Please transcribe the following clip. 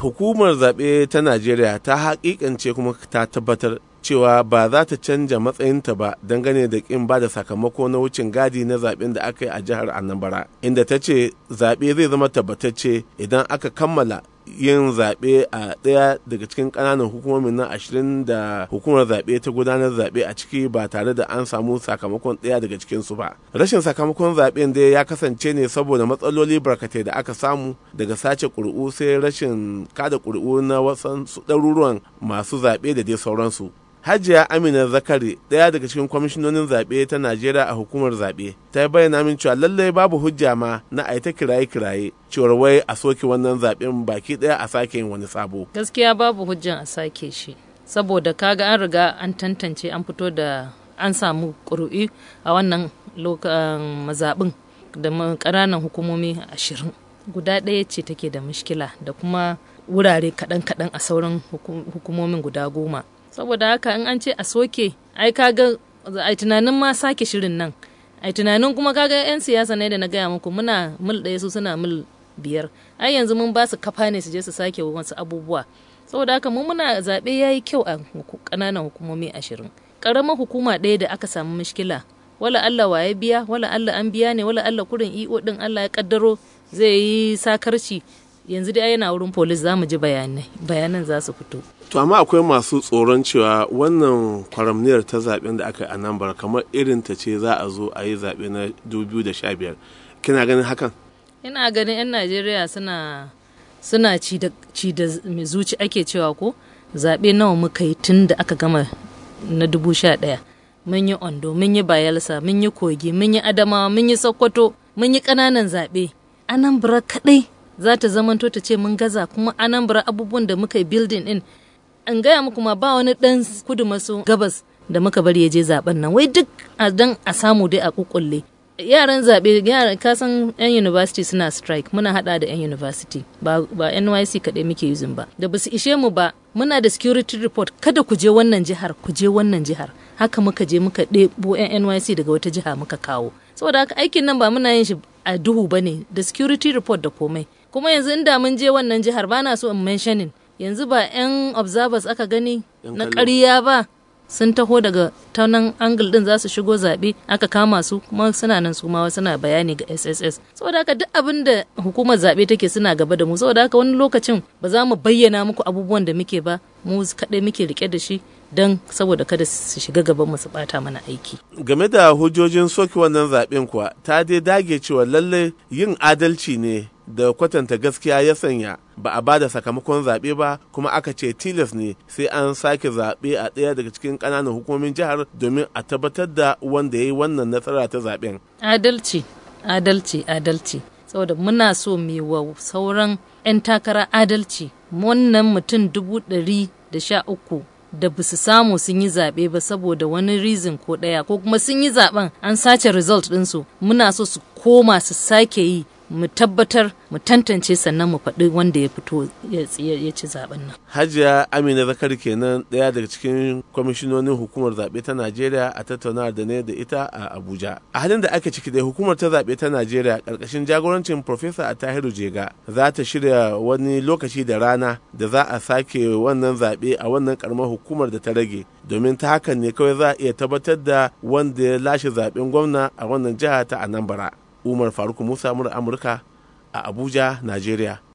hukumar zaɓe ta najeriya ta haƙiƙance kuma ta tabbatar cewa ba za ta canja matsayinta ba dangane da ƙin ba da sakamako na wucin gadi na zaɓen da aka yi a jihar anambra inda ta ce zaɓe zai zama tabbatacce idan aka kammala yin zaɓe a ɗaya daga cikin ƙananan hukumomin na ashirin da hukumar zaɓe ta gudanar zaɓe a ciki ba tare da an samu sakamakon ɗaya daga cikin su ba rashin sakamakon zaɓen dai ya kasance ne saboda matsaloli barkatai da aka samu daga sace ƙuri'u sai rashin kada ƙuri'u na wasan ɗaruruwan masu zaɓe da dai sauransu Hajiya Amina Zakari, ɗaya daga cikin kwamishinonin zaɓe ta Najeriya a hukumar zaɓe, ta bayyana min cewa lallai babu hujja ma na a ta kiraye-kiraye cewar wai a soke wannan zaɓen baki ɗaya a sake yin wani sabo. Gaskiya babu hujjan a sake shi, saboda kaga an riga an tantance an fito da an samu ƙuri'i a wannan um, mazaɓin da ƙananan hukumomi ashirin. Guda ɗaya ce take da mushkila da kuma wurare kaɗan-kaɗan a sauran hukumomin guda goma. saboda haka in an ce a soke ai kaga ai tunanin ma sake shirin nan ai tunanin kuma kaga yan siyasa ne da na gaya muku muna mil ɗaya su suna mil biyar ai yanzu mun ba su kafa ne su je su sake wasu abubuwa saboda haka mu muna zaɓe ya yi kyau a ƙananan hukumomi ashirin ƙaramar hukuma ɗaya da aka samu mushkila wala Allah wa biya wala Allah an biya ne wala Allah kurin io e ɗin? Allah ya kaddaro zai yi sakarci yanzu dai yana wurin polis za mu ji bayanai bayanan za su fito to amma akwai masu tsoron cewa wannan kwaramniyar ta zaɓen da aka yi a nan bar kamar irin ta ce za a zo a yi zaɓe na 2015 kina ganin hakan ina ganin 'yan najeriya suna ci da zuci ake cewa ko zaɓe nawa muka yi tun da aka gama na 2011 mun yi ondo mun yi bayelsa mun yi kogi mun yi adamawa mun yi sokoto mun yi ƙananan zaɓe anan bura kaɗai za ta zamanto ta ce mun gaza kuma anambra abubuwan da muka yi building din an gaya muku ma ba wani dan kudu maso gabas da muka bari ya je zaben nan wai duk a dan a samu dai a kukulle yaran zabe yaran kasan yan university suna strike muna hada da yan university ba, ba nyc kaɗai muke using ba da basu ishe mu ba muna da security report kada ku je wannan jihar ku je wannan jihar haka muka je muka ɗebo yan nyc daga wata jiha muka kawo saboda haka aikin nan ba muna yin shi a duhu bane da security report da komai kuma yanzu inda mun je wannan jihar ba na so in mentioning yanzu ba 'yan observers aka gani na ƙarya ba sun taho daga taunan angle din za su shigo zaɓe aka kama su kuma suna nan su ma suna bayani ga sss saboda haka duk abin da hukumar zaɓe take suna gaba da mu saboda haka wani lokacin ba za mu bayyana muku abubuwan da muke ba mu kaɗai muke rike da shi don saboda kada su shiga gaban su bata mana aiki. Game da hujjojin soke wannan zaɓen kuwa ta dai dage cewa lallai yin adalci ne da kwatanta gaskiya ya sanya ba a ba da sakamakon zaɓe ba kuma aka ce tilas ne sai an sake zaɓe a ɗaya daga cikin ƙananan hukumomin jihar domin a tabbatar da wanda ya yi wannan nasara ta zaɓen. Adalci, adalci, adalci. Saboda muna so wa sauran 'yan takara adalci wannan mutum dubu ɗari da sha uku da ba su samu sun yi zaɓe ba saboda wani rizin ko ɗaya ko kuma sun yi zaɓen an sace result ɗinsu muna so su koma su sake yi mu tabbatar mu tantance sannan mu faɗi wanda ya fito ya ci zaben nan. Hajiya Amina Zakar kenan ɗaya daga cikin kwamishinonin hukumar zaɓe ta Najeriya a tattauna da ne da ita a Abuja. A halin da ake ciki da hukumar ta zaɓe ta Najeriya ƙarƙashin jagorancin Profesa Atahiru Jega za ta shirya wani lokaci da rana da za a sake wannan zaɓe a wannan ƙaramar hukumar da ta rage domin ta hakan ne kawai za a iya tabbatar da wanda ya lashe zaɓen gwamna a wannan jiha ta Anambra. umar faruk musa mura amurka a abuja najeriya